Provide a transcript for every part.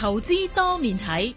投資多面睇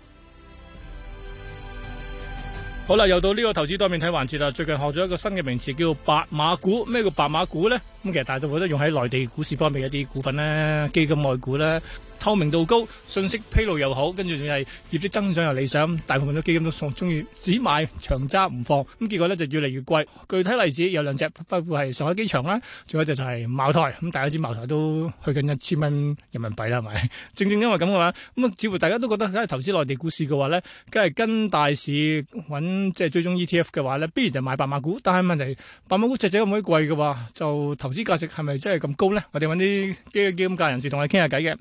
好啦，又到呢個投資多面睇環節啦。最近學咗一個新嘅名詞，叫白馬股。咩叫「白馬股」呢？咁其實大多數都覺得用喺內地股市方面一啲股份呢，基金外股呢。透明度高，信息披露又好，跟住仲係業績增長又理想，大部分嘅基金都中意只買長揸唔放，咁結果呢就越嚟越貴。具體例子有兩隻，包括係上海機場啦，仲有一隻就係茅台。咁大家知茅台都去緊一千蚊人民幣啦，係咪？正正因為咁嘅話，咁啊，似乎大家都覺得，梗係投資內地股市嘅話呢，梗係跟大市揾，即係追蹤 ETF 嘅話呢，必然就買白馬股。但係問題，白馬股隻隻咁鬼貴嘅話，就投資價值係咪真係咁高呢？我哋揾啲基金界人士同我哋傾下偈嘅。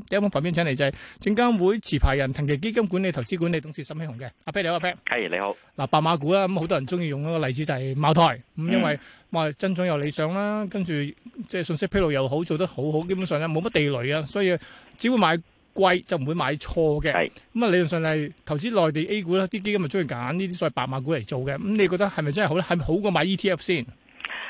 請嚟就係證監會持牌人、騰祺基金管理、投資管理董事沈慶洪嘅，阿 Peter，你好。係，你好。嗱，白馬股啦，咁好多人中意用一個例子就係茅台，咁、嗯、因為話增長又理想啦，跟住即係信息披露又好，做得好好，基本上咧冇乜地雷啊，所以只會買貴就唔會買錯嘅。係。咁啊，理論上係投資內地 A 股啦，啲基金咪中意揀呢啲所謂白馬股嚟做嘅。咁、嗯、你覺得係咪真係好咧？係咪好過買 ETF 先？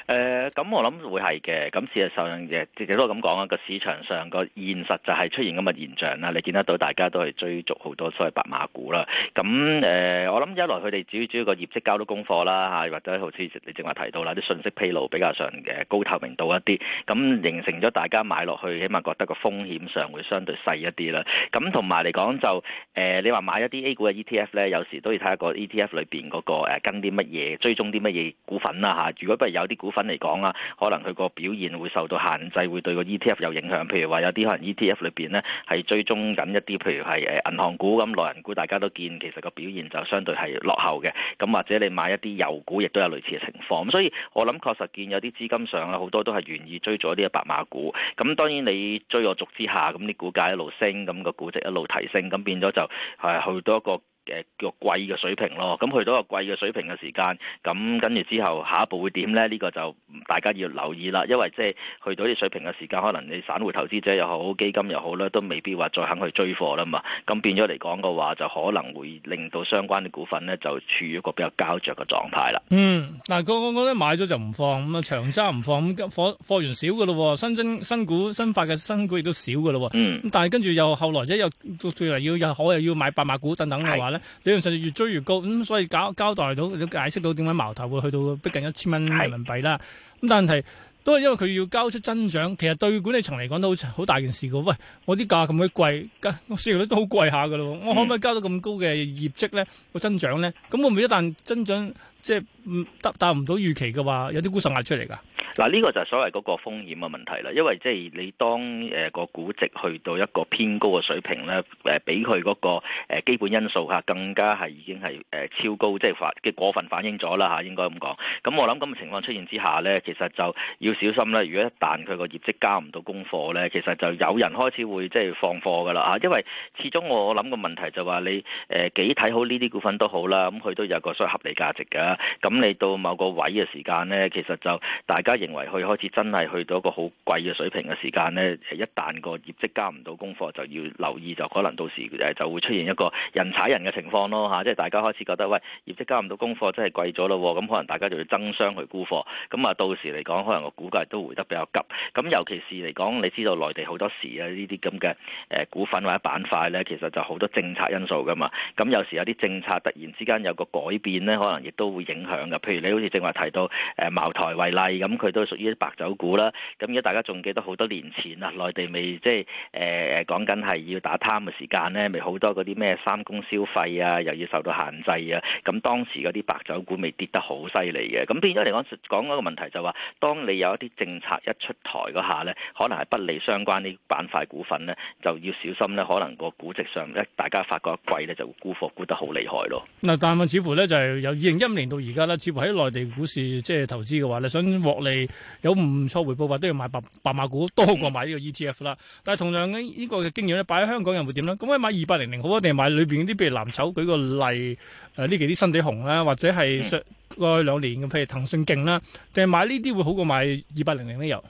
誒、呃，咁我諗會係嘅。咁事實上嘅，其實都咁講啊，個市場上個現實就係出現咁嘅現象啦。你見得到大家都係追逐好多所謂白馬股啦。咁誒、呃，我諗一來佢哋主要主要個業績交到功課啦嚇，或者好似你正話提到啦，啲信息披露比較上嘅高透明度一啲，咁形成咗大家買落去，起碼覺得個風險上會相對細一啲啦。咁同埋嚟講就誒、呃，你話買一啲 A 股嘅 ETF 呢，有時都要睇下個 ETF 裏面嗰個跟啲乜嘢，追蹤啲乜嘢股份啦嚇如果不如有啲股份嚟講啦，可能佢個表現會受到限制，會對個 ETF 有影響。譬如話有啲可能 ETF 裏邊呢係追蹤緊一啲，譬如係誒銀行股、咁內銀股，大家都見其實個表現就相對係落後嘅。咁或者你買一啲油股，亦都有類似嘅情況。咁所以我諗確實見有啲資金上咧，好多都係願意追咗啲白馬股。咁當然你追我逐之下，咁啲股價一路升，咁個估值一路提升，咁變咗就係去多一個。嘅個貴嘅水平咯，咁去到個貴嘅水平嘅時間，咁跟住之後下一步會點咧？呢、呢個就大家要留意啦，因為即係去到啲水平嘅時間，可能你散戶投資者又好，基金又好啦，都未必話再肯去追貨啦嘛。咁變咗嚟講嘅話，就可能會令到相關嘅股份咧，就處於一個比較膠着嘅狀態啦。嗯，但係個個覺得買咗就唔放，咁啊長揸唔放，咁貨，貨源少嘅咯，新增新股新發嘅新股亦都少嘅咯。嗯。但係跟住又後來者又，最又要又可又要買白馬股等等嘅理論上就越追越高，咁、嗯、所以交交代到解釋到點解茅台會去到逼近一千蚊人民幣啦。咁、嗯、但係都係因為佢要交出增長，其實對管理層嚟講都好好大件事噶。喂，我啲價咁鬼貴，我市盈率都好貴下噶咯，我可唔可以交到咁高嘅業績咧？個增長咧？咁、嗯嗯、會唔會一旦增長即係唔達唔到預期嘅話，有啲沽售壓出嚟噶？嗱、這、呢個就係所謂嗰個風險嘅問題啦，因為即係你當誒個估值去到一個偏高嘅水平咧，比俾佢嗰個基本因素嚇更加係已經係超高，即係反嘅過分反映咗啦嚇，應該咁講。咁我諗咁嘅情況出現之下咧，其實就要小心啦。如果一旦佢個業績交唔到功課咧，其實就有人開始會即係放貨㗎啦。因為始終我諗嘅問題就話你誒幾睇好呢啲股份都好啦，咁佢都有個所謂合理價值㗎。咁你到某個位嘅時間咧，其實就大家，認為佢開始真係去到一個好貴嘅水平嘅時間咧，係一旦個業績交唔到功課，就要留意，就可能到時就會出現一個人踩人嘅情況咯吓，即係大家開始覺得喂，業績交唔到功課，真係貴咗咯，咁可能大家就要爭相去沽貨，咁啊到時嚟講，可能個股價都回得比較急。咁尤其是嚟講，你知道內地好多時啊呢啲咁嘅誒股份或者板塊呢，其實就好多政策因素噶嘛。咁有時有啲政策突然之間有個改變呢，可能亦都會影響嘅。譬如你好似正話提到誒茅台為例，咁佢。都屬於啲白酒股啦，咁而家大家仲記得好多年前啊，內地未即係誒誒講緊係要打貪嘅時間咧，咪好多嗰啲咩三公消費啊，又要受到限制啊，咁當時嗰啲白酒股未跌得好犀利嘅，咁變咗嚟講講嗰個問題就話，是，當你有一啲政策一出台嗰下咧，可能係不利相關啲板塊股份咧，就要小心咧，可能個估值上一大家發覺貴咧，就會沽貨沽得好厲害咯。嗱，但係似乎咧就係由二零一五年到而家咧，似乎喺內地股市即係投資嘅話你想獲利，有唔錯回報話，都要買白白馬股多過買呢個 ETF 啦。但係同樣咧，呢、這個嘅經驗咧，擺喺香港人會點咧？咁可以買二八零零好啊，定係買裏邊啲譬如藍籌？舉個例，誒、呃，呢幾啲新地紅啦，或者係上過去兩年嘅，譬如騰訊勁啦，定係買呢啲會好過買二八零零咧？又？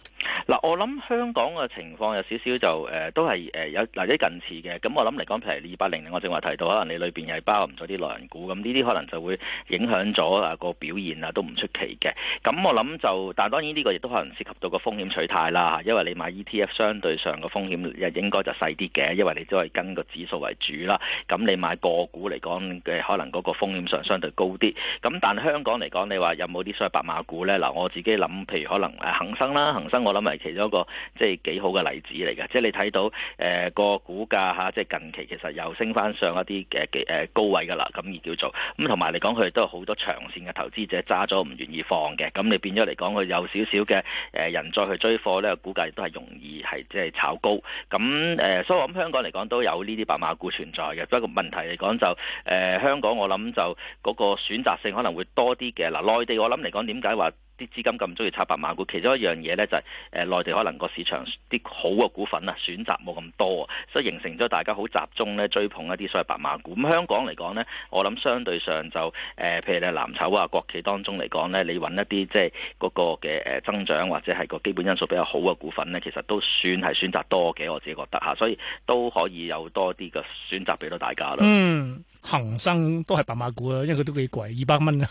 嗱，我諗香港嘅情況有少少就誒，都係誒有嗱啲近似嘅。咁我諗嚟講，譬如二八零零，我正話提到，可能你裏邊係包含咗啲內銀股，咁呢啲可能就會影響咗啊個表現啊，都唔出奇嘅。咁我諗就，但係當然呢個亦都可能涉及到個風險取態啦，因為你買 ETF 相對上個風險又應該就細啲嘅，因為你都係跟個指數為主啦。咁你買個股嚟講嘅可能嗰個風險上相對高啲。咁但香港嚟講，你話有冇啲所謂白馬股呢？嗱，我自己諗，譬如可能誒恆生啦，恒生我諗其中一個即係幾好嘅例子嚟嘅，即係你睇到誒、呃、個股價，即係近期其實又升翻上一啲嘅高位㗎啦，咁而叫做咁同埋嚟講，佢、嗯、都有好多長線嘅投資者揸咗，唔願意放嘅，咁你變咗嚟講，佢有少少嘅人再去追貨咧，估計都係容易係即係炒高咁、呃、所以我諗香港嚟講都有呢啲白馬股存在嘅，不過問題嚟講就、呃、香港我諗就嗰個選擇性可能會多啲嘅嗱，呃、內地我諗嚟講點解話？啲資金咁中意炒白馬股，其中一樣嘢呢就係誒內地可能個市場啲好嘅股份啊，選擇冇咁多，所以形成咗大家好集中咧追捧一啲所謂白馬股。咁香港嚟講呢，我諗相對上就誒，譬如你藍籌啊、國企當中嚟講呢，你揾一啲即係嗰個嘅誒增長或者係個基本因素比較好嘅股份呢，其實都算係選擇多嘅，我自己覺得嚇，所以都可以有多啲嘅選擇俾到大家咯。嗯。恒生都係白馬股啦，因為佢都幾貴，二百蚊啊！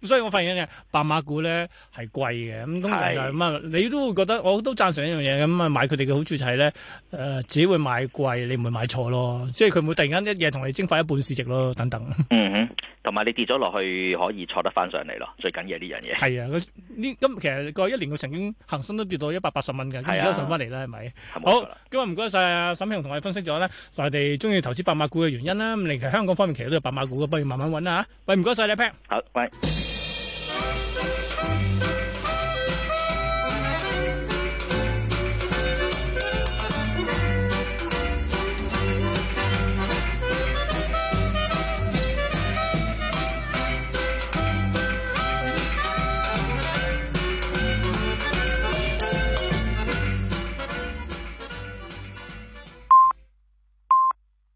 咁 所以我發現白馬股咧係貴嘅。咁通常就咁、是、啊，你都會覺得，我都贊成一樣嘢咁啊，買佢哋嘅好處就係咧，誒、呃、只會買貴，你唔會買錯咯。即係佢唔會突然間一夜同你蒸發一半市值咯，等等。同、嗯、埋你跌咗落去可以坐得翻上嚟咯，最緊要呢樣嘢。係啊，呢咁其實過一年佢曾經恒生都跌到一百八十蚊嘅，咁而家上翻嚟啦，係咪、啊？好，今日唔該晒啊，沈慶洪同我哋分析咗咧，內地中意投資白馬股嘅原因啦，香、嗯、港方面其實都有白馬股嘅，不如慢慢搵啦嚇。喂，唔該晒你，Pat。好，喂。